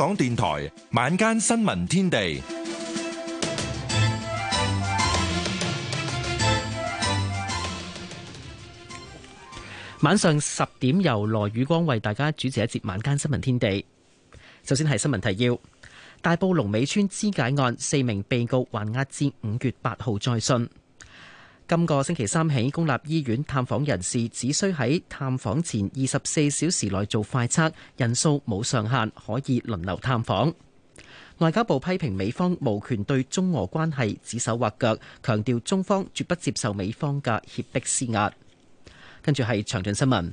港電台晚間新聞天地，晚上十點由羅宇光為大家主持一節晚間新聞天地。首先係新聞提要：大埔龍尾村肢解案，四名被告還押至五月八號再訊。今個星期三起，公立醫院探訪人士只需喺探訪前二十四小時內做快測，人數冇上限，可以輪流探訪。外交部批評美方無權對中俄關係指手畫腳，強調中方絕不接受美方嘅脅迫施壓。跟住係詳盡新聞。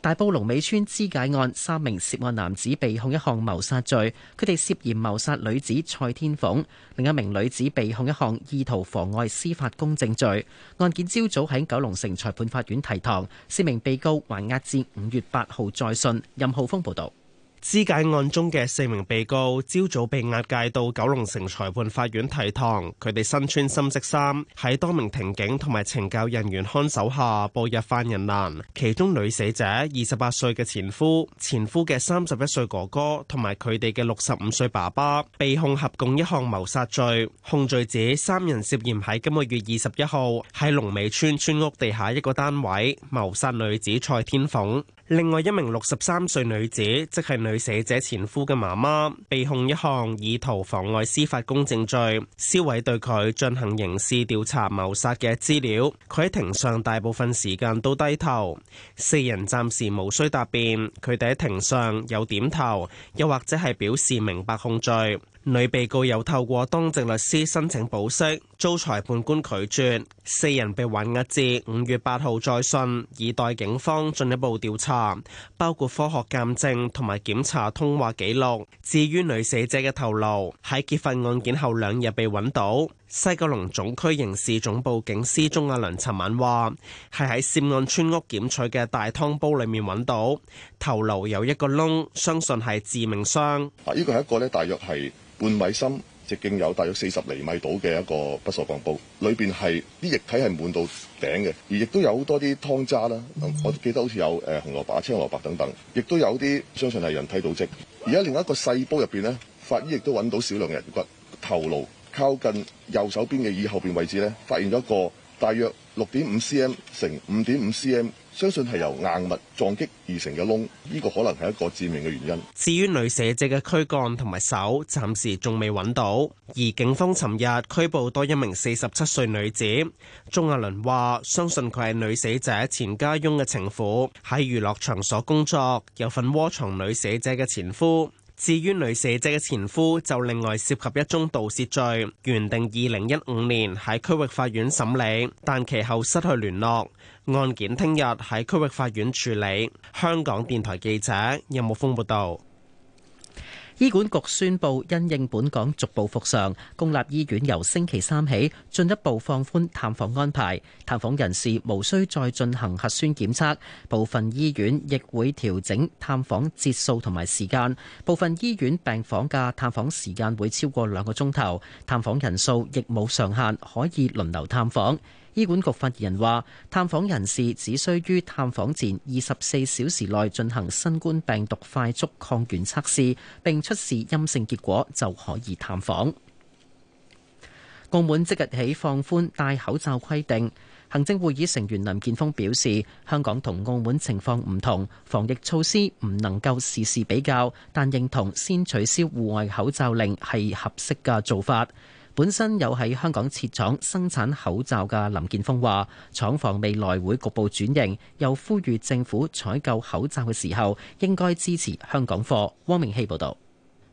大埔龍尾村肢解案，三名涉案男子被控一項謀殺罪，佢哋涉嫌謀殺女子蔡天鳳，另一名女子被控一項意圖妨礙司法公正罪。案件朝早喺九龍城裁判法院提堂，四名被告還押至五月八號再訊。任浩峰報道。肢解案中嘅四名被告，朝早被押解到九龍城裁判法院提堂。佢哋身穿深色衫，喺多名庭警同埋懲教人員看守下步入犯人欄。其中女死者二十八歲嘅前夫，前夫嘅三十一歲哥哥同埋佢哋嘅六十五歲爸爸，被控合共一項謀殺罪。控罪指三人涉嫌喺今個月二十一號喺龍尾村村屋地下一個單位謀殺女子蔡天鳳。另外一名六十三歲女子，即係女死者前夫嘅媽媽，被控一項意圖妨礙司法公正罪，銷毀對佢進行刑事調查謀殺嘅資料，佢喺庭上大部分時間都低頭。四人暫時無需答辯，佢哋喺庭上有點頭，又或者係表示明白控罪。女被告又透過當值律師申請保釋，遭裁判官拒絕。四人被還押至五月八號再訊，以待警方進一步調查，包括科學鑑證同埋檢查通話記錄。至於女死者嘅頭顱，喺結婚案件後兩日被揾到。西九龍總區刑事總部警司鐘亞倫尋晚話，係喺涉案村屋檢取嘅大湯煲裏面揾到頭顱有一個窿，相信係致命傷。啊，呢個係一個呢，大約係半米深，直徑有大約四十厘米到嘅一個不銹鋼煲，裏邊係啲液體係滿到頂嘅，而亦都有好多啲湯渣啦。嗯、我記得好似有誒紅蘿蔔、青蘿蔔等等，亦都有啲相信係人體組織。而家另一個細煲入邊呢，法醫亦都揾到少量人骨頭顱靠近右手邊嘅耳後邊位置咧，發現咗一個大約六點五 cm 乘五點五 cm，相信係由硬物撞擊而成嘅窿，呢、這個可能係一個致命嘅原因。至於女死者嘅軀幹同埋手，暫時仲未揾到。而警方尋日拘捕多一名四十七歲女子，鍾亞倫話相信佢係女死者前家翁嘅情婦，喺娛樂場所工作，有份窩藏女死者嘅前夫。至於女死者嘅前夫就另外涉及一宗盜竊罪，原定二零一五年喺區域法院審理，但其後失去聯絡，案件聽日喺區域法院處理。香港電台記者任木峰報道。醫管局宣布，因應本港逐步復常，公立醫院由星期三起進一步放寬探訪安排，探訪人士無需再進行核酸檢測，部分醫院亦會調整探訪節數同埋時間，部分醫院病房嘅探訪時間會超過兩個鐘頭，探訪人數亦冇上限，可以輪流探訪。醫管局發言人話：探訪人士只需於探訪前二十四小時內進行新冠病毒快速抗原測試，并出示陰性結果就可以探訪。澳門即日起放寬戴口罩規定。行政會議成員林健鋒表示：香港同澳門情況唔同，防疫措施唔能夠事事比較，但認同先取消戶外口罩令係合適嘅做法。本身有喺香港設廠生產口罩嘅林建峰話，廠房未來會局部轉型，又呼籲政府採購口罩嘅時候應該支持香港貨。汪明熙報導。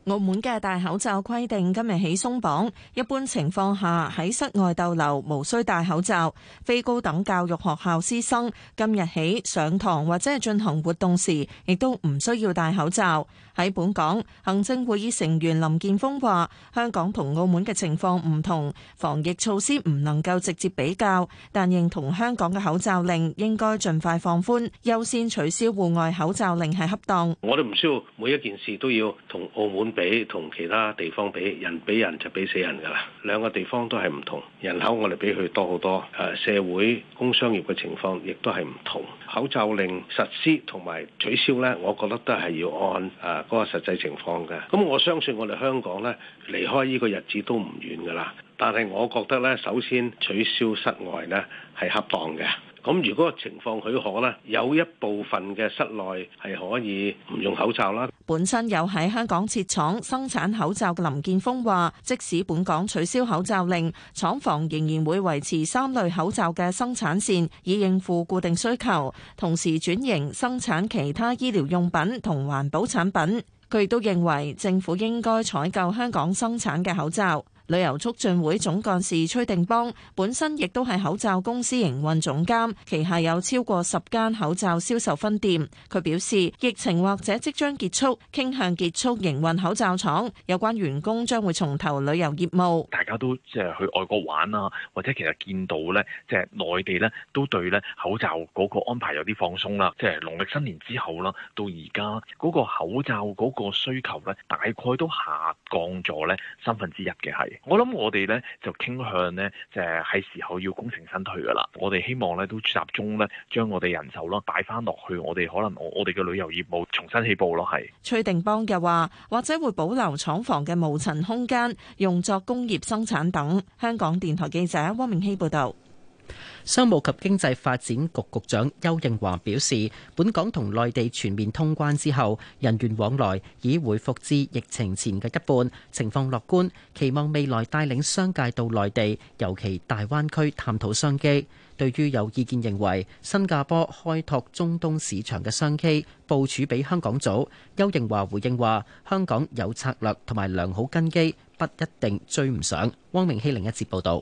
澳門嘅戴口罩規定今日起鬆綁，一般情況下喺室外逗留無需戴口罩。非高等教育學校師生今日起上堂或者係進行活動時，亦都唔需要戴口罩。喺本港，行政會議成員林健鋒話香港同澳門嘅情況唔同，防疫措施唔能夠直接比較，但認同香港嘅口罩令應該盡快放寬，優先取消戶外口罩令係恰當，我哋唔需要每一件事都要同澳門比，同其他地方比，人比人就比死人㗎啦。兩個地方都係唔同，人口我哋比佢多好多，誒社會工商業嘅情況亦都係唔同。口罩令實施同埋取消咧，我覺得都係要按誒。嗰個實際情況嘅，咁我相信我哋香港咧離開呢個日子都唔遠噶啦，但係我覺得咧，首先取消室外咧係恰當嘅。咁如果情況許可咧，有一部分嘅室內係可以唔用口罩啦。本身有喺香港設廠生產口罩嘅林建峰話，即使本港取消口罩令，廠房仍然會維持三類口罩嘅生產線，以應付固定需求，同時轉型生產其他醫療用品同環保產品。佢亦都認為政府應該採購香港生產嘅口罩。旅遊促進會總幹事崔定邦本身亦都係口罩公司營運總監，旗下有超過十間口罩銷售分店。佢表示：疫情或者即將結束，傾向結束營運口罩廠，有關員工將會重投旅遊業務。大家都即係去外國玩啊，或者其實見到咧，即係內地咧都對咧口罩嗰個安排有啲放鬆啦。即係農曆新年之後啦，到而家嗰個口罩嗰個需求咧，大概都下降咗咧三分之一嘅係。我諗我哋咧就傾向咧就係喺時候要功成身退噶啦，我哋希望咧都集中咧將我哋人手咯擺翻落去，我哋可能我我哋嘅旅遊業務重新起步咯，係。崔定邦嘅話，或者會保留廠房嘅無塵空間，用作工業生產等。香港電台記者汪明熙報道。商務及經濟發展局局長邱應華表示，本港同內地全面通關之後，人員往來已回復至疫情前嘅一半，情況樂觀，期望未來帶領商界到內地，尤其大灣區探討商機。對於有意見認為新加坡開拓中東市場嘅商機部署比香港早，邱應華回應話：香港有策略同埋良好根基，不一定追唔上。汪明希另一節報導。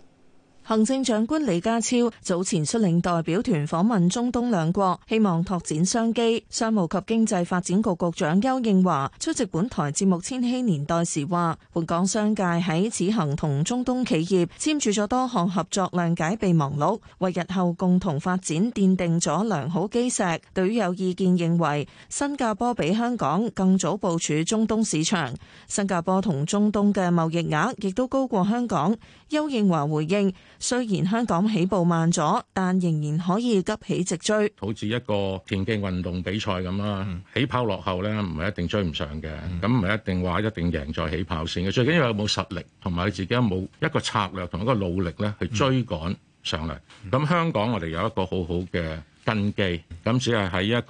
行政長官李家超早前率領代表團訪問中東兩國，希望拓展商機。商務及經濟發展局局長邱應華出席本台節目《千禧年代》時話，本港商界喺此行同中東企業簽署咗多項合作諒解備忘錄，為日後共同發展奠定咗良好基石。對於有意見認為新加坡比香港更早部署中東市場，新加坡同中東嘅貿易額亦都高過香港，邱應華回應。雖然香港起步慢咗，但仍然可以急起直追。好似一個田徑運動比賽咁啦，mm. 起跑落後咧，唔係一定追唔上嘅。咁唔係一定話一定贏在起跑線嘅。最緊要有冇實力，同埋你自己有冇一個策略同一個努力咧去追趕上嚟。咁、mm. 香港我哋有一個好好嘅根基，咁只係喺一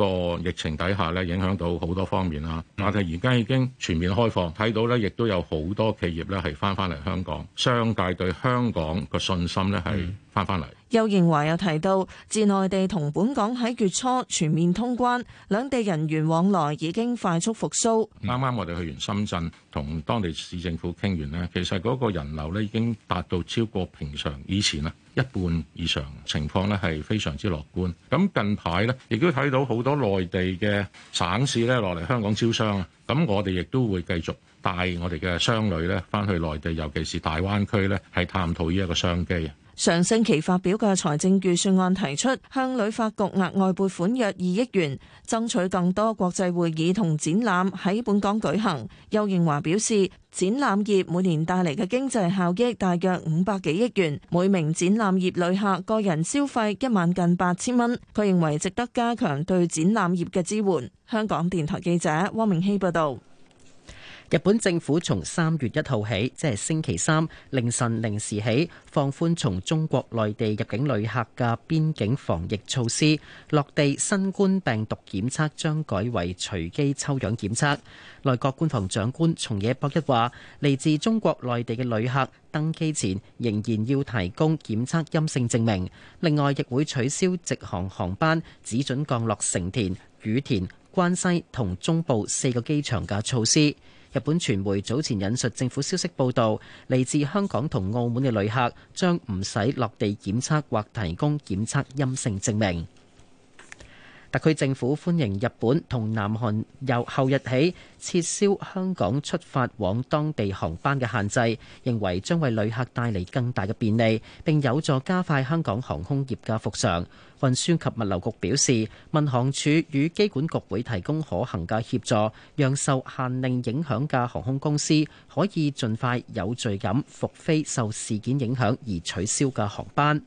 個疫情底下咧，影響到好多方面啦。我哋而家已經全面開放，睇到咧，亦都有好多企業咧係翻翻嚟香港，商界對香港個信心咧係翻翻嚟。邱騰華又提到，自內地同本港喺月初全面通關，兩地人員往來已經快速復甦。啱啱我哋去完深圳，同當地市政府傾完呢，其實嗰個人流呢已經達到超過平常以前喇，一半以上情況呢係非常之樂觀。咁近排呢亦都睇到好多內地嘅省市呢落嚟香港招商，咁我哋亦都會繼續帶我哋嘅商旅呢翻去內地，尤其是大灣區呢，係探討呢一個商機。上星期發表嘅財政預算案提出向旅發局額外撥款約二億元，爭取更多國際會議同展覽喺本港舉行。邱應樺表示，展覽業每年帶嚟嘅經濟效益大約五百幾億元，每名展覽業旅客個人消費一萬近八千蚊。佢認為值得加強對展覽業嘅支援。香港電台記者汪明希報導。日本政府從三月一號起，即係星期三凌晨零時起，放寬從中國內地入境旅客嘅邊境防疫措施，落地新冠病毒檢測將改為隨機抽樣檢測。內閣官房長官松野博一話，嚟自中國內地嘅旅客登機前仍然要提供檢測陰性證明。另外，亦會取消直航航班，只准降落成田、羽田、關西同中部四個機場嘅措施。日本傳媒早前引述政府消息報道,嚟自香港同澳門嘅旅客將唔使落地檢測或提供檢測陰性證明。特區政府歡迎日本同南韓由後日起,運輸及物流局表示，民航處與機管局會提供可行嘅協助，讓受限令影響嘅航空公司可以盡快有序咁復飛，受事件影響而取消嘅航班。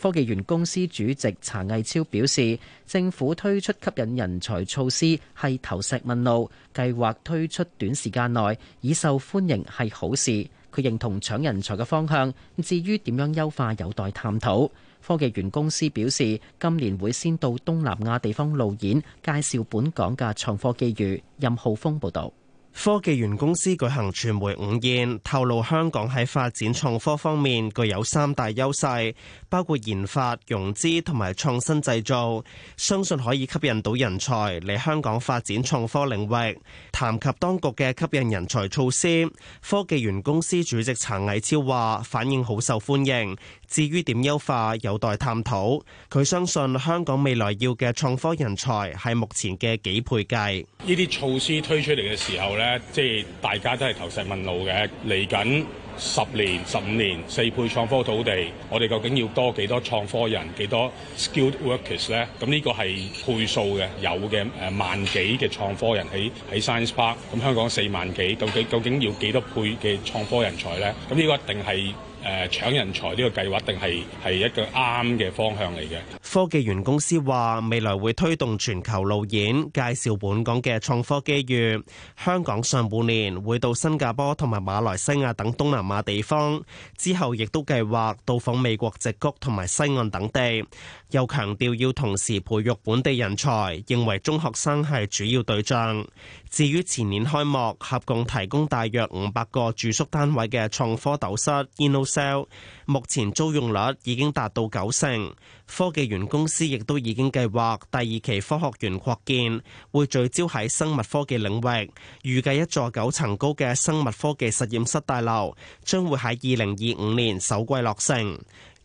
科技園公司主席查毅超表示，政府推出吸引人才措施係投石問路，計劃推出短時間內已受歡迎係好事。佢認同搶人才嘅方向，至於點樣優化有待探討。科技園公司表示，今年會先到東南亞地方路演，介紹本港嘅創科機遇。任浩峰報導。科技園公司舉行傳媒午宴，透露香港喺發展創科方面具有三大優勢，包括研發、融資同埋創新製造，相信可以吸引到人才嚟香港發展創科領域。談及當局嘅吸引人才措施，科技園公司主席陳毅超話：反應好受歡迎。至於點優化有待探討，佢相信香港未來要嘅創科人才係目前嘅幾倍計。呢啲措施推出嚟嘅時候咧，即係大家都係投石問路嘅。嚟緊十年、十五年四倍創科土地，我哋究竟要多幾多創科人、幾多 skilled workers 咧？咁呢個係倍數嘅，有嘅誒萬幾嘅創科人喺喺 Science Park。咁香港四萬幾，究竟究竟要幾多倍嘅創科人才咧？咁呢個一定係。誒，搶、呃、人才呢個計劃，定係係一個啱嘅方向嚟嘅。科技園公司話，未來會推動全球路演，介紹本港嘅創科機遇。香港上半年會到新加坡同埋馬來西亞等東南亞地方，之後亦都計劃到訪美國矽谷同埋西岸等地。又強調要同時培育本地人才，認為中學生係主要對象。至於前年開幕，合共提供大約五百個住宿單位嘅創科斗室 InnoCell。目前租用率已經達到九成，科技園公司亦都已經計劃第二期科學園擴建，會聚焦喺生物科技領域。預計一座九層高嘅生物科技實驗室大樓將會喺二零二五年首季落成。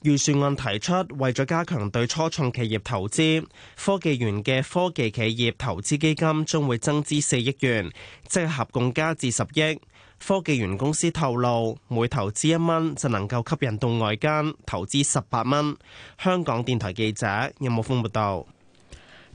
預算案提出，為咗加強對初創企業投資，科技園嘅科技企業投資基金將會增資四億元，即合共加至十億。科技園公司透露，每投資一蚊就能夠吸引到外間投資十八蚊。香港電台記者任木鳳報道。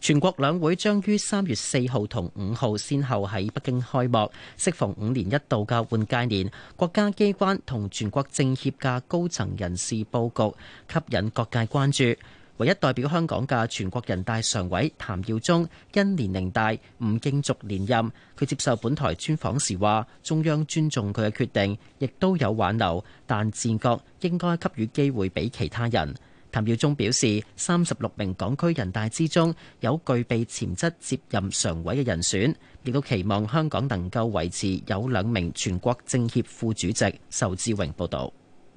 全國兩會將於三月四號同五號先後喺北京開幕，適逢五年一度嘅換屆年，國家機關同全國政協嘅高層人士佈局吸引各界關注。唯一代表香港嘅全國人大常委譚耀宗因年齡大唔競逐連任，佢接受本台專訪時話中央尊重佢嘅決定，亦都有挽留，但自覺應該給予機會俾其他人。譚耀宗表示，三十六名港區人大之中有具備潛質接任常委嘅人選，亦都期望香港能夠維持有兩名全國政協副主席。仇志榮報道。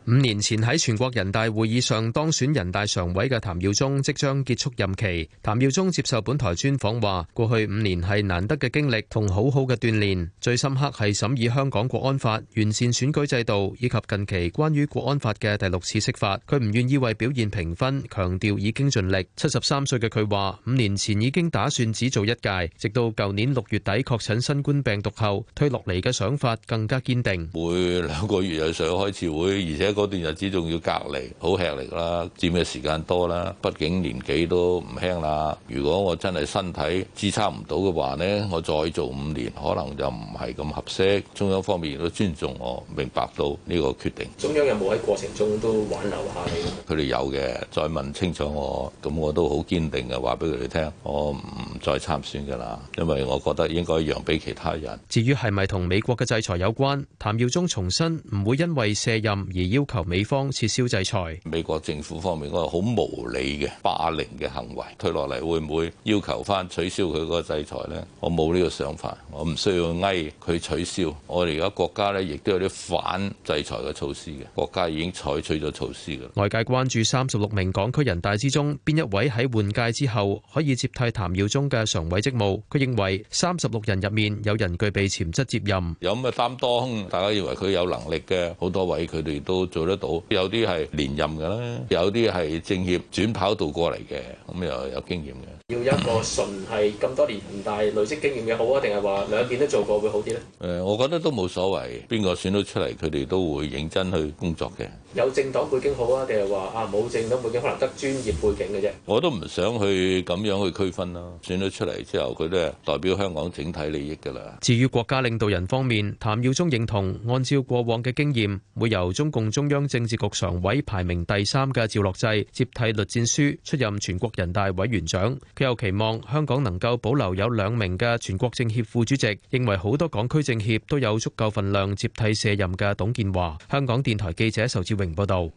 五年前喺全國人大會議上當選人大常委嘅譚耀宗即將結束任期。譚耀宗接受本台專訪話過去五年係難得嘅經歷同好好嘅鍛煉，最深刻係審議香港國安法、完善選舉制度以及近期關於國安法嘅第六次釋法。佢唔願意為表現評分，強調已經盡力。七十三歲嘅佢話五年前已經打算只做一屆直到舊年六月底確診新冠病毒後退落嚟嘅想法更加堅定。每兩個月就上開次會，而且。嗰段日子仲要隔離，好吃力啦，佔嘅時間多啦。畢竟年紀都唔輕啦。如果我真係身體支撐唔到嘅話呢，我再做五年可能就唔係咁合適。中央方面都尊重我，明白到呢個決定。中央有冇喺過程中都挽留下你？佢哋有嘅，再問清楚我，咁我都好堅定嘅話俾佢哋聽，我唔再參選㗎啦，因為我覺得應該讓俾其他人。至於係咪同美國嘅制裁有關？譚耀宗重申唔會因為卸任而要求美方撤銷制裁。美國政府方面嗰個好無理嘅霸凌嘅行為退落嚟，會唔會要求翻取消佢嗰個制裁咧？我冇呢個想法，我唔需要翳佢取消。我哋而家國家咧，亦都有啲反制裁嘅措施嘅，國家已經採取咗措施嘅。外界關注三十六名港區人大之中，邊一位喺換屆之後可以接替譚耀宗嘅常委職務？佢認為三十六人入面有人具備潛質接任，有咩擔當，大家認為佢有能力嘅，好多位佢哋都。做得到，有啲係連任㗎啦，有啲係政協轉跑道過嚟嘅，咁又有經驗嘅。要一個純係咁多年，唔大累積經驗嘅好啊，定係話兩邊都做過會好啲咧？誒，我覺得都冇所謂，邊個選到出嚟，佢哋都會認真去工作嘅。有政黨背景好啊，定係話啊冇政黨背景可能得專業背景嘅啫。我都唔想去咁樣去區分啦。選咗出嚟之後，佢都係代表香港整體利益㗎啦。至於國家領導人方面，譚耀宗認同按照過往嘅經驗，會由中共中央政治局常委排名第三嘅趙樂際接替栗戰書出任全國人大委員長。佢又期望香港能夠保留有兩名嘅全國政協副主席，認為好多港區政協都有足夠份量接替卸任嘅董建華。香港電台記者仇志榮。報道：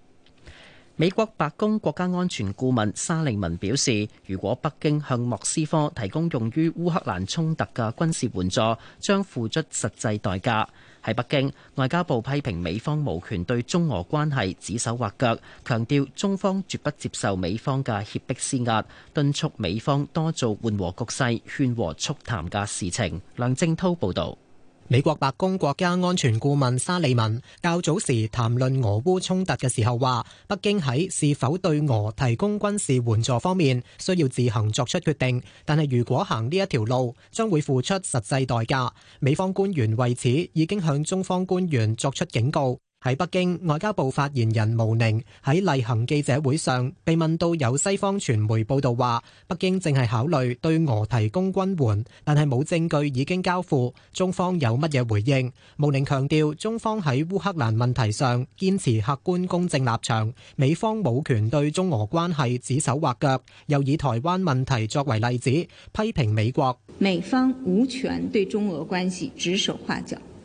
美國白宮國家安全顧問沙利文表示，如果北京向莫斯科提供用於烏克蘭衝突嘅軍事援助，將付出實際代價。喺北京，外交部批評美方無權對中俄關係指手畫腳，強調中方絕不接受美方嘅脅迫施壓，敦促美方多做緩和局勢、勸和促談嘅事情。梁正濤報道。美國白宮國家安全顧問沙利文較早時談論俄烏衝突嘅時候話，北京喺是否對俄提供軍事援助方面需要自行作出決定，但係如果行呢一條路，將會付出實際代價。美方官員為此已經向中方官員作出警告。喺北京，外交部發言人毛寧喺例行記者會上被問到，有西方傳媒報道話北京正係考慮對俄提供軍援，但係冇證據已經交付，中方有乜嘢回應？毛寧強調，中方喺烏克蘭問題上堅持客觀公正立場，美方冇權對中俄關係指手畫腳。又以台灣問題作為例子，批評美國，美方無權對中俄關係指手畫腳。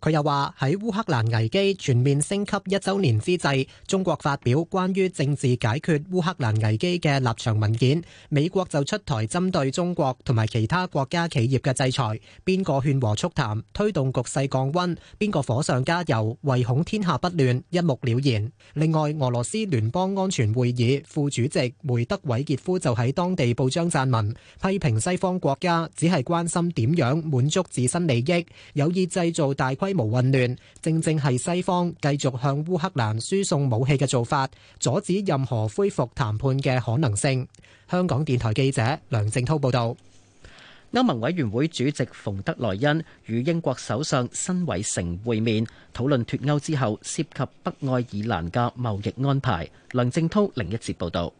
佢又話喺烏克蘭危機全面升級一週年之際，中國發表關於政治解決烏克蘭危機嘅立場文件，美國就出台針對中國同埋其他國家企業嘅制裁。邊個勸和促談推動局勢降溫？邊個火上加油？唯恐天下不亂，一目了然。另外，俄羅斯聯邦安全會議副主席梅德韋傑夫就喺當地報章撰文，批評西方國家只係關心點樣滿足自身利益，有意製造大規。無混亂，正正係西方繼續向烏克蘭輸送武器嘅做法，阻止任何恢復談判嘅可能性。香港電台記者梁正濤報道。歐盟委員會主席馮德萊恩與英國首相辛偉誠會面，討論脱歐之後涉及北愛爾蘭嘅貿易安排。梁正濤另一節報道。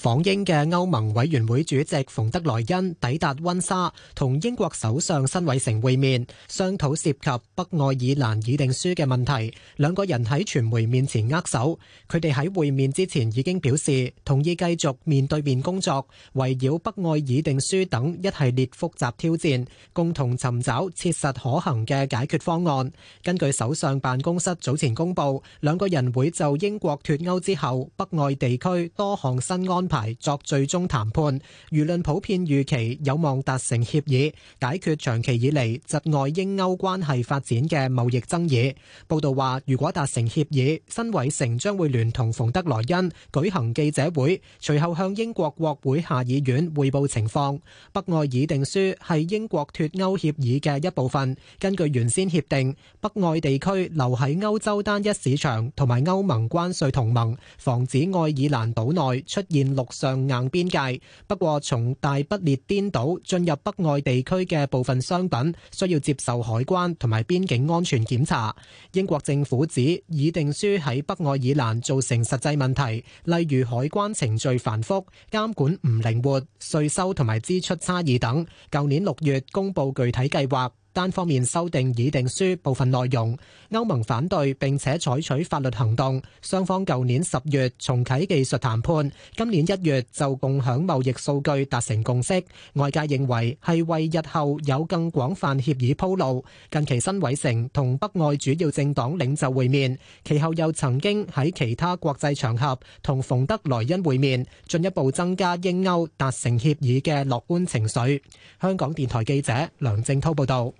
訪英嘅歐盟委員會主席馮德萊恩抵達溫莎，同英國首相辛偉誠會面，商討涉及北愛爾蘭議定書嘅問題。兩個人喺傳媒面前握手。佢哋喺會面之前已經表示同意繼續面對面工作，圍繞北愛議定書等一系列複雜挑戰，共同尋找切實可行嘅解決方案。根據首相辦公室早前公布，兩個人會就英國脫歐之後北愛地區多項新安排作最終談判，輿論普遍預期有望達成協議，解決長期以嚟窒礙英歐關係發展嘅貿易爭議。報道話，如果達成協議，辛偉誠將會聯同馮德萊恩舉行記者會，隨後向英國國會下議院匯報情況。北愛爾定書係英國脱歐協議嘅一部分。根據原先協定，北愛地區留喺歐洲單一市場同埋歐盟關稅同盟，防止愛爾蘭島內出現。陸上硬邊界，不過從大不列顛島進入北愛地區嘅部分商品，需要接受海關同埋邊境安全檢查。英國政府指，議定書喺北愛爾蘭造成實際問題，例如海關程序繁複、監管唔靈活、稅收同埋支出差異等。舊年六月公佈具體計劃。單方面修訂議定書部分內容，歐盟反對並且採取法律行動。雙方舊年十月重啟技術談判，今年一月就共享貿易數據達成共識。外界認為係為日後有更廣泛協議鋪路。近期辛偉誠同北愛主要政黨領袖會面，其後又曾經喺其他國際場合同馮德萊恩會面，進一步增加英歐達成協議嘅樂觀情緒。香港電台記者梁正濤報道。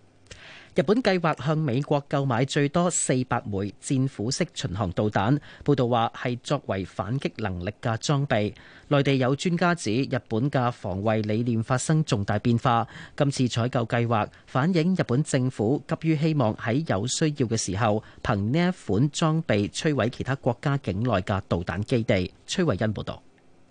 日本計劃向美國購買最多400枚戰斧式巡航導彈。報道話係作為反擊能力嘅裝備。內地有專家指，日本嘅防衛理念發生重大變化。今次採購計劃反映日本政府急於希望喺有需要嘅時候，憑呢一款裝備摧毀其他國家境內嘅導彈基地。崔惠恩報道。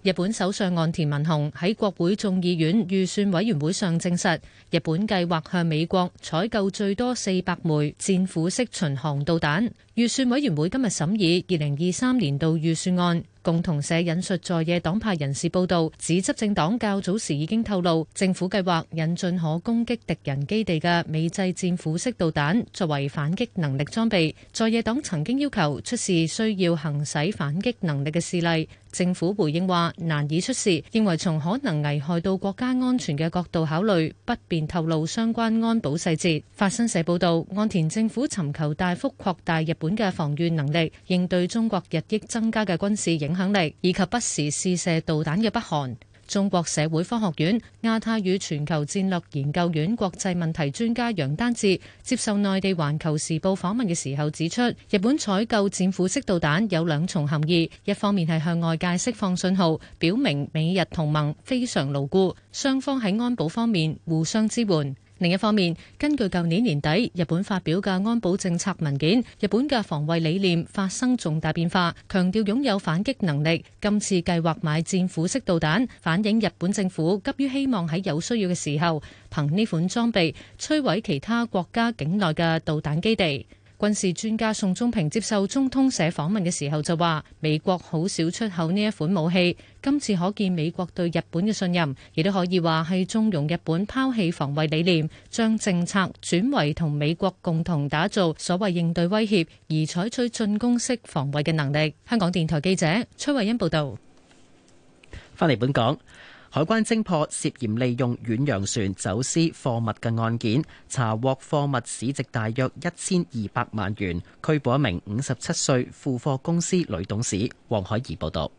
日本首相岸田文雄喺國會眾議院預算委員會上證實，日本計劃向美國採購最多四百枚戰斧式巡航導彈。預算委員會今日審議二零二三年度預算案。共同社引述在野黨派人士報道，指執政黨較早時已經透露，政府計劃引進可攻擊敵人基地嘅美製戰斧式導彈作為反擊能力裝備。在野黨曾經要求出示需要行使反擊能力嘅事例，政府回應話難以出示，認為從可能危害到國家安全嘅角度考慮，不便透露相關安保細節。法新社報道，岸田政府尋求大幅擴大大日本嘅防禦能力，應對中國日益增加嘅軍事影響力以及不時試射導彈嘅北韓，中國社會科學院亞太與全球戰略研究院國際問題專家楊丹志接受內地環球時報訪問嘅時候指出，日本採購戰斧式導彈有兩重含義，一方面係向外界釋放信號，表明美日同盟非常牢固，雙方喺安保方面互相支援。另一方面，根據舊年年底日本發表嘅安保政策文件，日本嘅防衛理念發生重大變化，強調擁有反擊能力。今次計劃買戰斧式導彈，反映日本政府急於希望喺有需要嘅時候，憑呢款裝備摧毀其他國家境內嘅導彈基地。軍事專家宋忠平接受中通社訪問嘅時候就話：美國好少出口呢一款武器，今次可見美國對日本嘅信任，亦都可以話係縱容日本拋棄防衛理念，將政策轉為同美國共同打造所謂應對威脅而採取進攻式防衛嘅能力。香港電台記者崔慧恩報道。翻嚟本港。海關偵破涉嫌利用遠洋船走私貨物嘅案件，查獲貨物市值大約一千二百萬元，拘捕一名五十七歲副貨公司女董事。黃海怡報道。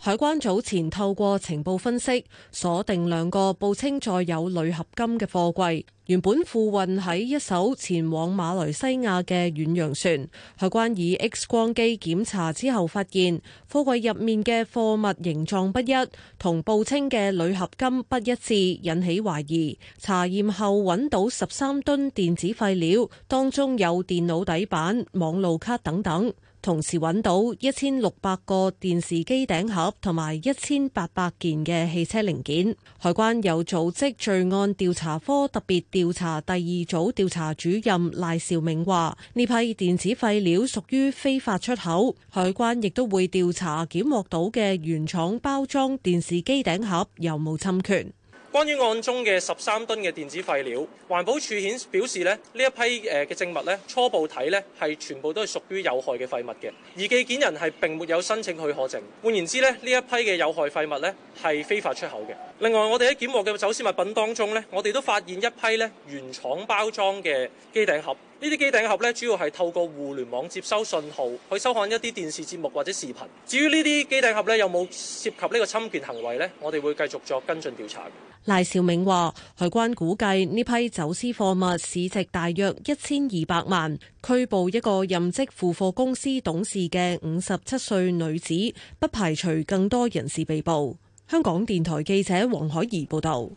海關早前透過情報分析，鎖定兩個報稱載有鋁合金嘅貨櫃，原本附運喺一艘前往馬來西亞嘅遠洋船。海關以 X 光機檢查之後，發現貨櫃入面嘅貨物形狀不一，同報稱嘅鋁合金不一致，引起懷疑。查驗後揾到十三噸電子廢料，當中有電腦底板、網路卡等等。同時揾到一千六百個電視機頂盒同埋一千八百件嘅汽車零件。海關有組織罪案調查科特別調查第二組調查主任賴兆明話：呢批電子廢料屬於非法出口。海關亦都會調查檢獲到嘅原廠包裝電視機頂盒有冇侵權。關於案中嘅十三噸嘅電子廢料，環保署顯表示咧，呢一批誒嘅證物咧，初步睇咧係全部都係屬於有害嘅廢物嘅，而寄件人係並沒有申請許可證。換言之咧，呢一批嘅有害廢物咧係非法出口嘅。另外，我哋喺檢獲嘅走私物品當中咧，我哋都發現一批咧原廠包裝嘅機頂盒。呢啲機頂盒咧，主要係透過互聯網接收信號去收看一啲電視節目或者視頻。至於呢啲機頂盒咧，有冇涉及呢個侵權行為呢？我哋會繼續作跟進調查。賴兆銘話，海關估計呢批走私貨物市值大約一千二百萬，拘捕一個任職付貨公司董事嘅五十七歲女子，不排除更多人士被捕。香港電台記者黃海怡報道。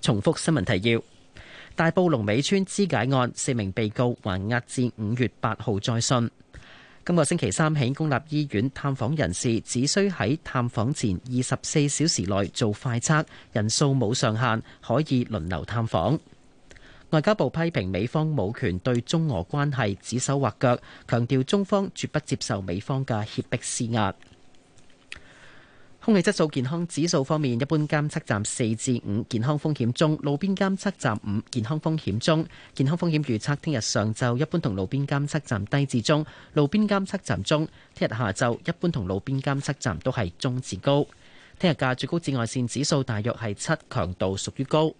重複新聞提要。大埔龍尾村肢解案四名被告還押至五月八號再訊。今個星期三起，公立醫院探訪人士只需喺探訪前二十四小時內做快測，人數冇上限，可以輪流探訪。外交部批評美方冇權對中俄關係指手畫腳，強調中方絕不接受美方嘅脅迫施壓。空氣質素健康指數方面，一般監測站四至五健康風險中，路邊監測站五健康風險中。健康風險預測，聽日上晝一般同路邊監測站低至中，路邊監測站中。聽日下晝一般同路邊監測站都係中至高。聽日嘅最高紫外線指數大約係七，強度屬於高。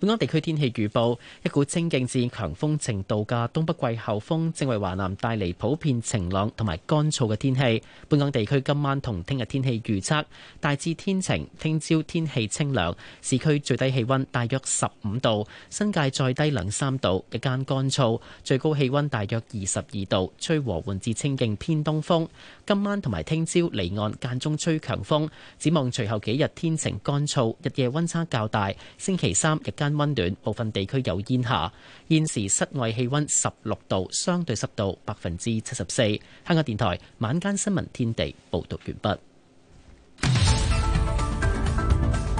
本港地區天氣預報，一股清勁至強風程度嘅東北季候風正為華南帶嚟普遍晴朗同埋乾燥嘅天氣，本港地區今晚同聽日天氣預測大致天晴，聽朝天氣清涼，市區最低氣溫大約十五度，新界再低兩三度，日間乾燥，最高氣溫大約二十二度，吹和緩至清勁偏東風，今晚同埋聽朝離岸間中吹強風，展望隨後幾日天晴乾燥，日夜溫差較大。星期三日間。溫暖，部分地區有煙霞。現時室外氣溫十六度，相對濕度百分之七十四。香港電台晚間新聞天地報道完畢。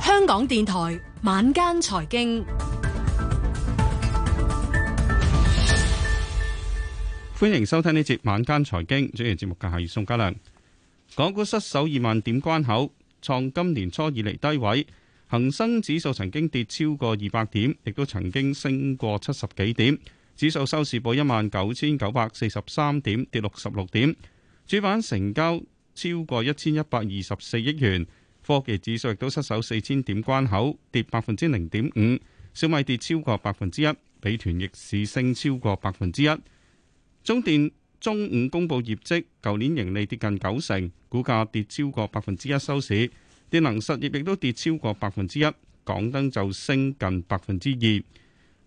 香港電台晚間財經，歡迎收聽呢節晚間財經。主持節目嘅係宋家良。港股失守二萬點關口，創今年初以嚟低位。恒生指數曾經跌超過二百點，亦都曾經升過七十幾點。指數收市報一萬九千九百四十三點，跌六十六點。主板成交超過一千一百二十四億元。科技指數亦都失守四千點關口，跌百分之零點五。小米跌超過百分之一，美團逆市升超過百分之一。中電中午公布業績，舊年盈利跌近九成，股價跌超過百分之一收市。電能實業亦都跌超過百分之一，港燈就升近百分之二。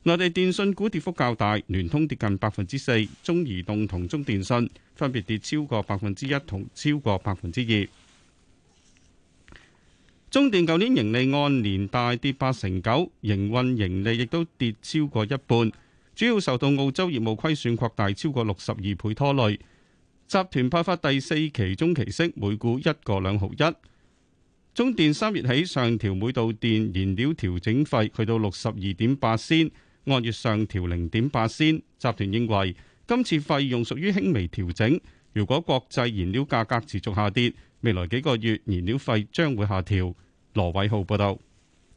內地電信股跌幅較大，聯通跌近百分之四，中移動同中電信分別跌超過百分之一同超過百分之二。中電舊年盈利按年大跌八成九，營運盈利亦都跌超過一半，主要受到澳洲業務虧損擴大超過六十二倍拖累。集團派發第四期中期息，每股一個兩毫一。中電三月起上調每度電燃料調整費，去到六十二點八仙，按月上調零點八仙。集團認為今次費用屬於輕微調整，如果國際燃料價格持續下跌，未來幾個月燃料費將會下調。羅偉浩報導。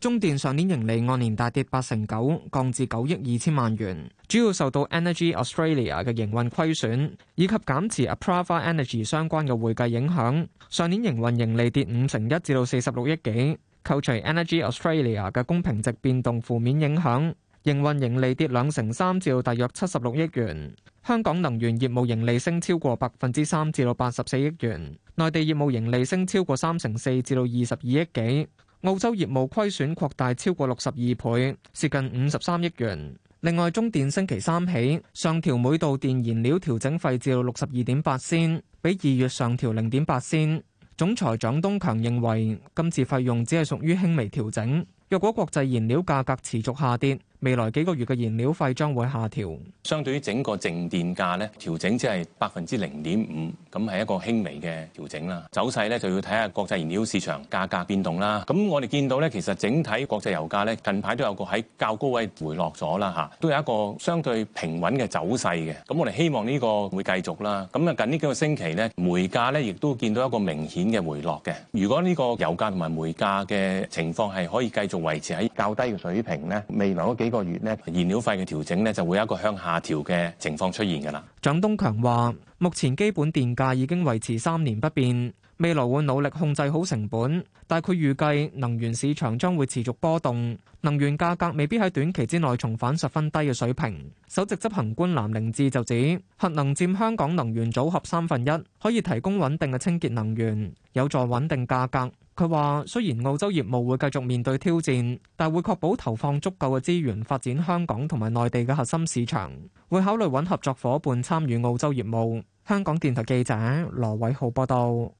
中電上年盈利按年大跌八成九，降至九億二千萬元，主要受到 Energy Australia 嘅營運虧損以及減持 Apraava Energy 相關嘅會計影響。上年營運盈利跌五成一，至到四十六億幾。扣除 Energy Australia 嘅公平值變動負面影響，營運盈利跌兩成三，至到大約七十六億元。香港能源業務盈利升超過百分之三，至到八十四億元；內地業務盈利升超過三成四，至到二十二億幾。澳洲業務虧損擴大超過六十二倍，接近五十三億元。另外，中電星期三起上調每度電燃料調整費至六十二點八仙，比二月上調零點八仙。總裁蔣東強認為今次費用只係屬於輕微調整，若果國際燃料價格持續下跌，未來幾個月嘅燃料費將會下調。相對於整個淨電價咧，調整只係百分之零點五，咁係一個輕微嘅調整啦。走勢咧就要睇下國際燃料市場價格變動啦。咁我哋見到咧，其實整體國際油價咧近排都有個喺較高位回落咗啦，嚇，都有一個相對平穩嘅走勢嘅。咁我哋希望呢個會繼續啦。咁啊近呢幾個星期咧，煤價咧亦都見到一個明顯嘅回落嘅。如果呢個油價同埋煤價嘅情況係可以繼續維持喺較低嘅水平咧，未來嗰幾個月呢，燃料費嘅調整呢，就會有一個向下調嘅情況出現㗎啦。蔣東強話：目前基本電價已經維持三年不變，未來會努力控制好成本，但佢預計能源市場將會持續波動，能源價格未必喺短期之內重返十分低嘅水平。首席執行官藍寧智就指，核能佔香港能源組合三分一，可以提供穩定嘅清潔能源，有助穩定價格。佢話：雖然澳洲業務會繼續面對挑戰，但會確保投放足夠嘅資源發展香港同埋內地嘅核心市場，會考慮揾合作伙伴參與澳洲業務。香港電台記者羅偉浩報道。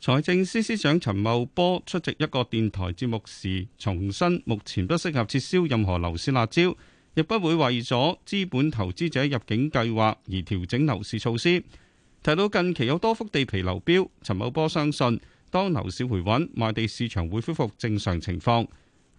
財政司司長陳茂波出席一個電台節目時，重申目前不適合撤銷任何樓市辣招，亦不會為咗資本投資者入境計劃而調整樓市措施。提到近期有多幅地皮流標，陳茂波相信，當樓市回穩，賣地市場會恢復正常情況。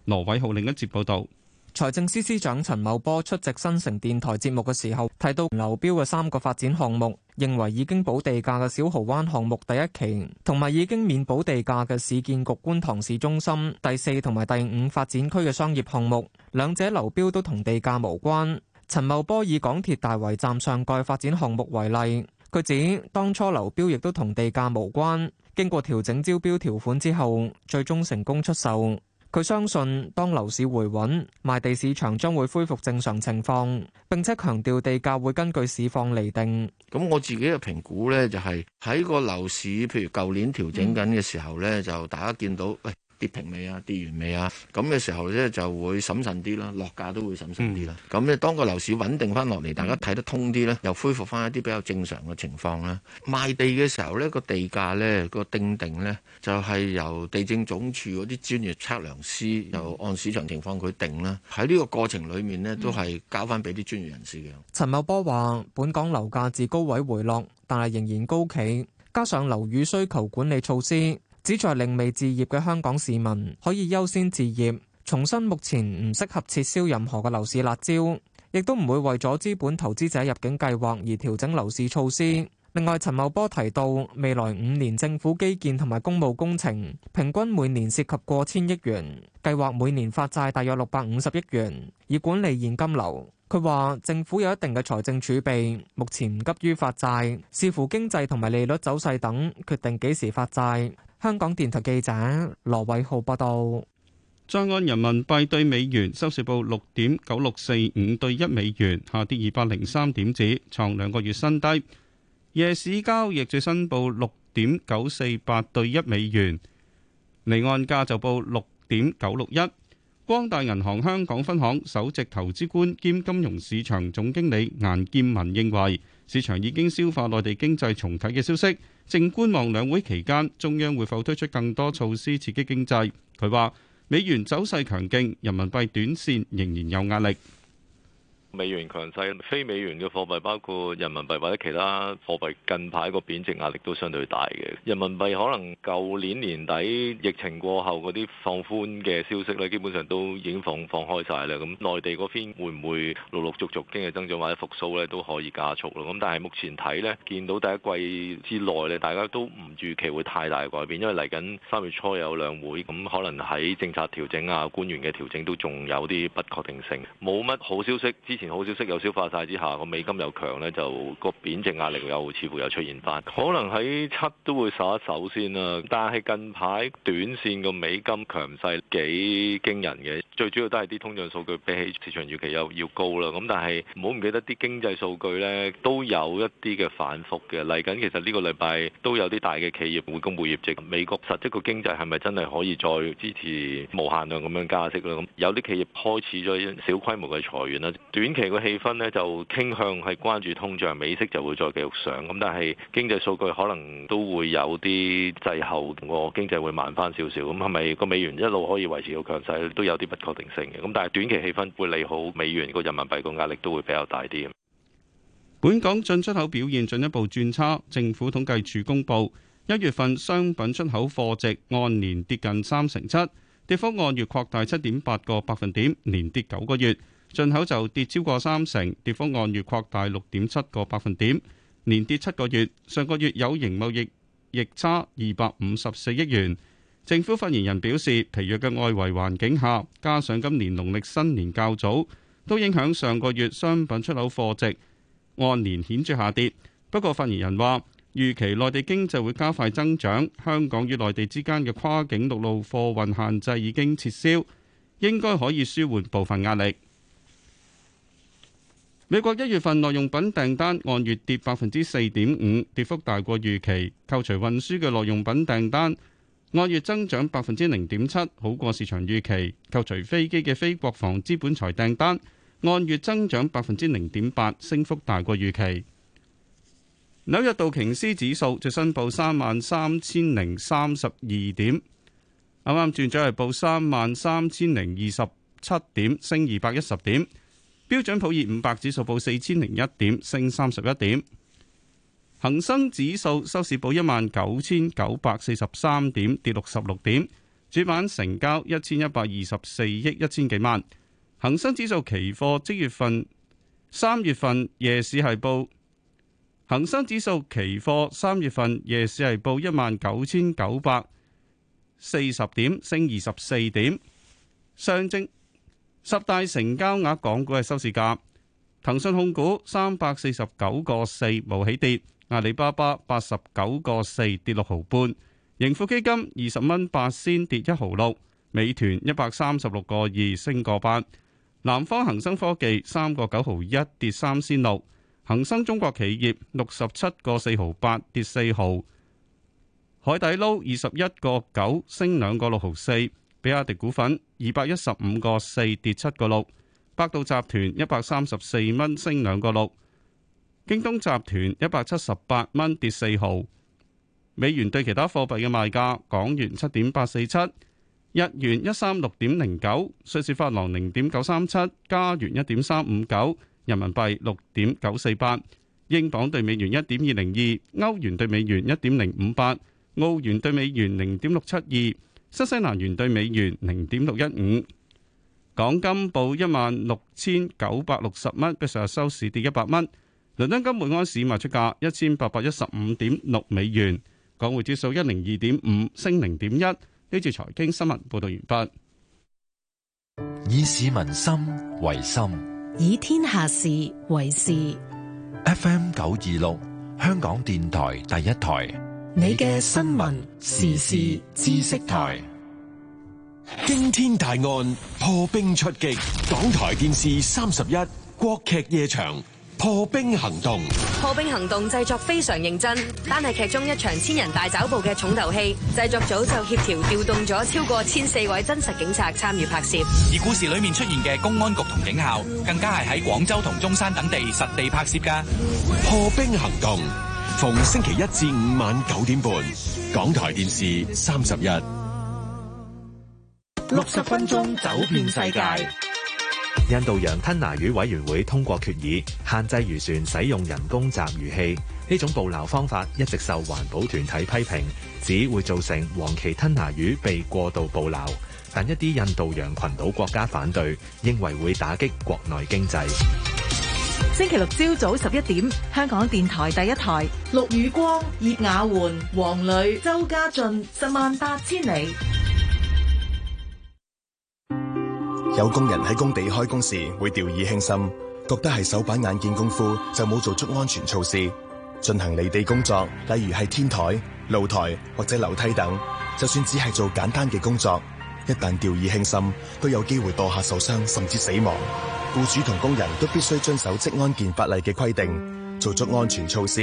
羅偉浩另一節報道，財政司司長陳茂波出席新城電台節目嘅時候，提到流標嘅三個發展項目，認為已經補地價嘅小濠灣項目第一期，同埋已經免補地價嘅市建局觀塘市中心第四同埋第五發展區嘅商業項目，兩者流標都同地價無關。陳茂波以港鐵大圍站上蓋發展項目為例，佢指當初流標亦都同地價無關。經過調整招標條款之後，最終成功出售。佢相信當樓市回穩，賣地市場將會恢復正常情況，並且強調地價會根據市況釐定。咁我自己嘅評估呢，就係、是、喺個樓市譬如舊年調整緊嘅時候呢，就大家見到。哎跌平未啊？跌完未啊？咁嘅時候咧，就會審慎啲啦，落價都會審慎啲啦。咁咧、嗯，當個樓市穩定翻落嚟，大家睇得通啲咧，又恢復翻一啲比較正常嘅情況啦。賣地嘅時候咧，個地價咧個定定咧，就係由地政總署嗰啲專業測量師又按市場情況佢定啦。喺呢個過程裏面咧，都係交翻俾啲專業人士嘅。陳、嗯、茂波話本港樓價自高位回落，但係仍然高企，加上樓宇需求管理措施。旨在令未置業嘅香港市民可以優先置業。重申目前唔適合撤銷任何嘅樓市辣招，亦都唔會為咗資本投資者入境計劃而調整樓市措施。另外，陳茂波提到，未來五年政府基建同埋公務工程平均每年涉及過千億元，計劃每年發債大約六百五十億元以管理現金流。佢話政府有一定嘅財政儲備，目前唔急於發債，視乎經濟同埋利率走勢等，決定幾時發債。香港電台記者羅偉浩報道：在岸人民幣兌美元收市報六點九六四五兌一美元，下跌二百零三點，至創兩個月新低。夜市交易最新報六點九四八兌一美元，離岸價就報六點九六一。光大銀行香港分行首席投資官兼金融市場總經理顏劍文認為。市場已經消化內地經濟重啟嘅消息，正觀望兩會期間，中央會否推出更多措施刺激經濟。佢話美元走勢強勁，人民幣短線仍然有壓力。美元強勢，非美元嘅貨幣包括人民幣或者其他貨幣近排個貶值壓力都相對大嘅。人民幣可能舊年年底疫情過後嗰啲放寬嘅消息咧，基本上都已經放放開晒啦。咁內地嗰邊會唔會陸陸續續經濟增長或者復甦咧，都可以加速咯。咁但係目前睇咧，見到第一季之內咧，大家都唔預期會太大改變，因為嚟緊三月初有兩會，咁可能喺政策調整啊、官員嘅調整都仲有啲不確定性。冇乜好消息之。前好消息又消化晒之下，個美金又強咧，就個貶值壓力又似乎又出現翻。可能喺七都會手一手先啦。但係近排短線個美金強勢幾驚人嘅，最主要都係啲通脹數據比起市場預期又要高啦。咁但係唔好唔記得啲經濟數據咧，都有一啲嘅反復嘅。嚟緊，其實呢個禮拜都有啲大嘅企業會公布業績，美國實質個經濟係咪真係可以再支持無限量咁樣加息啦？咁有啲企業開始咗小規模嘅裁員啦。短期嘅氣氛咧就傾向係關注通脹，美息就會再繼續上。咁但係經濟數據可能都會有啲滯後，個經濟會慢返少少。咁係咪個美元一路可以維持到強勢，都有啲不確定性嘅。咁但係短期氣氛會利好美元，個人民幣個壓力都會比較大啲。本港進出口表現進一步轉差，政府統計處公布一月份商品出口貨值按年跌近三成七，跌幅按月擴大七點八個百分點，連跌九個月。進口就跌超過三成，跌幅按月擴大六點七個百分點，連跌七個月。上個月有形貿易逆差二百五十四億元。政府發言人表示，疲弱嘅外圍環境下，加上今年農曆新年較早，都影響上個月商品出口貨值按年顯著下跌。不過，發言人話預期內地經濟會加快增長，香港與內地之間嘅跨境陸路貨運限制已經撤銷，應該可以舒緩部分壓力。美國一月份耐用品訂單按月跌百分之四點五，跌幅大過預期。扣除運輸嘅耐用品訂單按月增長百分之零點七，好過市場預期。扣除飛機嘅非國防資本財訂單按月增長百分之零點八，升幅大過預期。紐約道瓊斯指數最新報三萬三千零三十二點，啱啱轉咗嚟報三萬三千零二十七點，升二百一十點。標準普爾五百指數報四千零一點，升三十一點。恒生指數收市報一萬九千九百四十三點，跌六十六點。主板成交一千一百二十四億一千幾萬。恒生指數期貨即月份三月份夜市係報恒生指數期貨三月份夜市係報一萬九千九百四十點，升二十四點。上證十大成交額港股嘅收市價：騰訊控股三百四十九個四冇起跌，阿里巴巴八十九個四跌六毫半，盈富基金二十蚊八仙跌一毫六，美團一百三十六個二升個八，南方恒生科技三個九毫一跌三仙六，恒生中國企業六十七個四毫八跌四毫，海底撈二十一個九升兩個六毫四。比亞迪股份二百一十五個四跌七個六，百度集團一百三十四蚊升兩個六，京東集團一百七十八蚊跌四毫。美元對其他貨幣嘅賣價：港元七點八四七，日元一三六點零九，瑞士法郎零點九三七，加元一點三五九，人民幣六點九四八，英鎊對美元一點二零二，歐元對美元一點零五八，澳元對美元零點六七二。新西蘭元兌美元零點六一五，港金報一萬六千九百六十蚊，比上日收市跌一百蚊。倫敦金每安士賣出價一千八百一十五點六美元，港匯指數一零二點五升零點一。呢次財經新聞報道完畢。以市民心為心，以天下事為事。FM 九二六，香港電台第一台。你嘅新聞時事知識台，驚天大案破冰出擊，港台電視三十一國劇夜場破冰行動。破冰行動製作非常認真，單係劇中一場千人大抓捕嘅重頭戲，製作組就協調調動咗超過千四位真實警察參與拍攝。而故事裏面出現嘅公安局同警校，更加係喺廣州同中山等地實地拍攝㗎。破冰行動。逢星期一至五晚九點半，港台電視三十一。六十分鐘走遍世界。印度洋吞拿魚委員會通過決議，限制漁船使用人工集魚器。呢種捕撈方法一直受環保團體批評，只會造成黃鰭吞拿魚被過度捕撈。但一啲印度洋群島國家反對，認為會打擊國內經濟。星期六朝早十一點，香港電台第一台。陸宇光、葉雅媛、黃磊、周家俊，十萬八千里。有工人喺工地開工時會掉以輕心，覺得係手板眼見功夫，就冇做足安全措施，進行離地工作，例如係天台、露台或者樓梯等，就算只係做簡單嘅工作，一旦掉以輕心，都有機會墮下受傷，甚至死亡。僱主同工人都必須遵守職安健法例嘅規定，做足安全措施，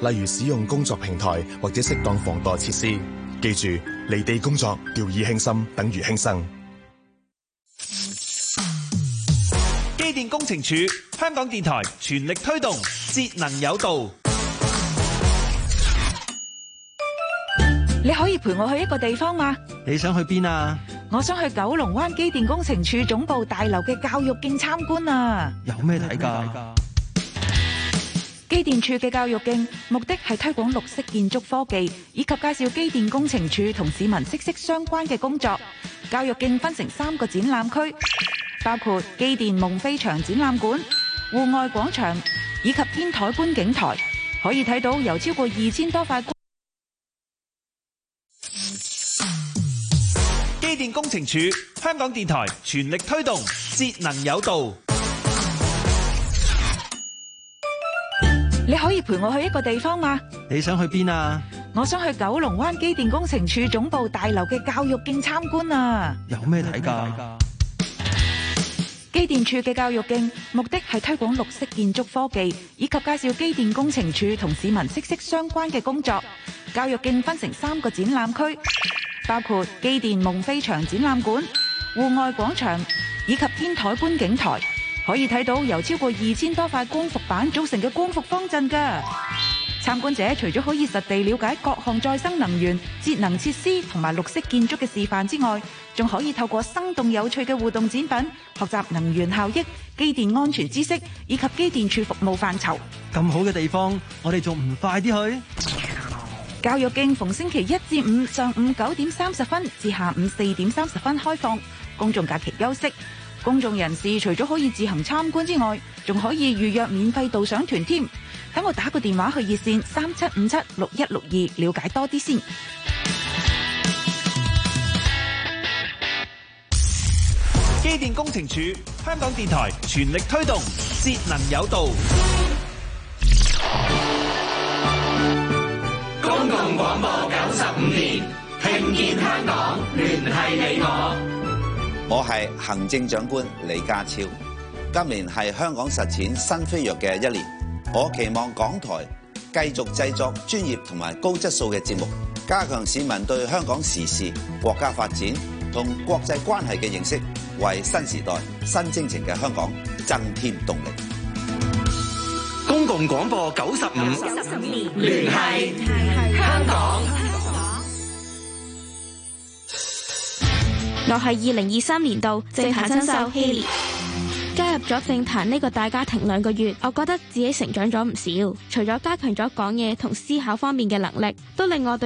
例如使用工作平台或者適當防墮設施。記住，離地工作掉以輕心等於輕生。機電工程署，香港電台全力推動節能有道。你可以陪我去一個地方嗎？你想去邊啊？我想去九龍灣機電工程署總部大樓嘅教育徑參觀啊！有咩睇噶？機電署嘅教育徑目的係推廣綠色建築科技，以及介紹機電工程署同市民息息相關嘅工作。教育徑分成三個展覽區，包括機電夢飛翔展覽館、戶外廣場以及天台觀景台，可以睇到有超過二千多塊。機電工程處香港電台全力推動節能有道。你可以陪我去一個地方呀？你想去邊啊？我想去九龍灣機電工程處總部大樓嘅教育徑參觀啊！有咩睇㗎？機電處嘅教育徑目的係推廣綠色建築科技，以及介紹機電工程處同市民息息相關嘅工作。教育徑分成三個展覽區。包括機電夢飛翔展覽館、戶外廣場以及天台觀景台，可以睇到由超過二千多塊光伏板組成嘅光伏方陣噶。參觀者除咗可以實地了解各項再生能源、節能設施同埋綠色建築嘅示範之外，仲可以透過生動有趣嘅互動展品，學習能源效益、機電安全知識以及機電處服務範疇。咁好嘅地方，我哋仲唔快啲去？教育徑逢星期一至五上午九點三十分至下午四點三十分開放，公眾假期休息。公眾人士除咗可以自行參觀之外，仲可以預約免費導賞團添。等我打個電話去熱線三七五七六一六二了解多啲先。機電工程署，香港電台全力推動節能有道。公共廣播九十五年，聽見香港，聯繫你我。我係行政長官李家超。今年係香港實踐新飛躍嘅一年，我期望港台繼續製作專業同埋高質素嘅節目，加強市民對香港時事、國家發展同國際關係嘅認識，為新時代新征程嘅香港增添動力。公共廣播九十五，聯繫繫是香港。香港我係二零二三年度政壇新秀 Haley 加入咗政壇呢個大家庭兩個月，我覺得自己成長咗唔少。除咗加強咗講嘢同思考方面嘅能力，都令我對。